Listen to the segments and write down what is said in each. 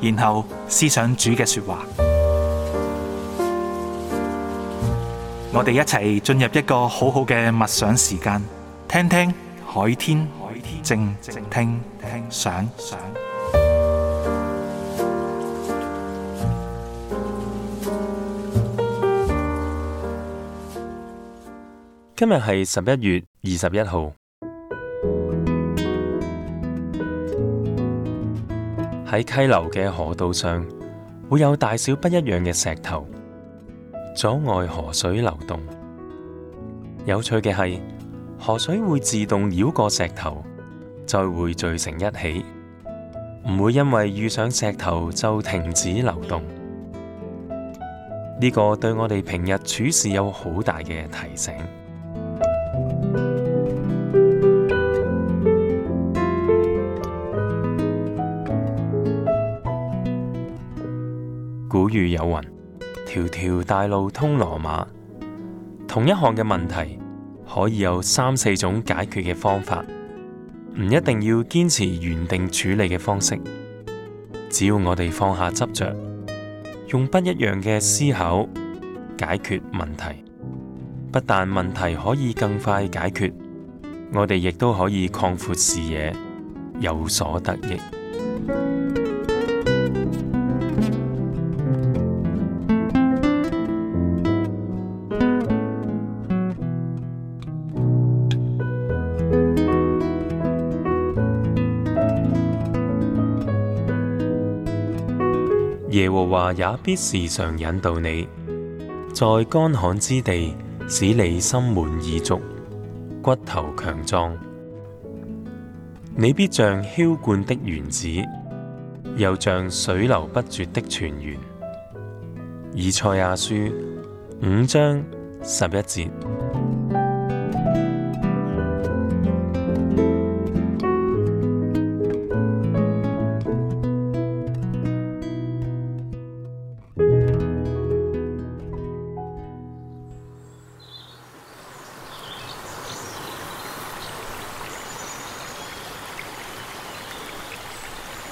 然後思想主嘅說話，我哋一齊進入一個好好嘅默想時間，聽聽海天靜靜聽想。今日係十一月二十一號。喺溪流嘅河道上，會有大小不一樣嘅石頭，阻礙河水流動。有趣嘅係，河水會自動繞過石頭，再匯聚成一起，唔會因為遇上石頭就停止流動。呢個對我哋平日處事有好大嘅提醒。古語有云：條條大路通羅馬。同一項嘅問題，可以有三四種解決嘅方法，唔一定要堅持原定處理嘅方式。只要我哋放下執着，用不一樣嘅思考解決問題，不但問題可以更快解決，我哋亦都可以擴闊視野，有所得益。耶和華也必時常引導你，在乾旱之地使你心滿意足，骨頭強壯。你必像澆灌的園子，又像水流不絕的泉源。以賽亞書五章十一節。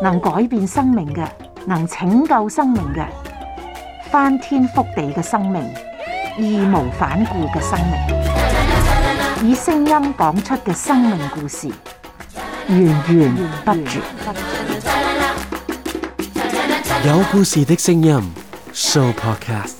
能改變生命嘅，能拯救生命嘅，翻天覆地嘅生命，義無反顧嘅生命，以聲音講出嘅生命故事，源源不絕。有故事的聲音，Sooo Podcast。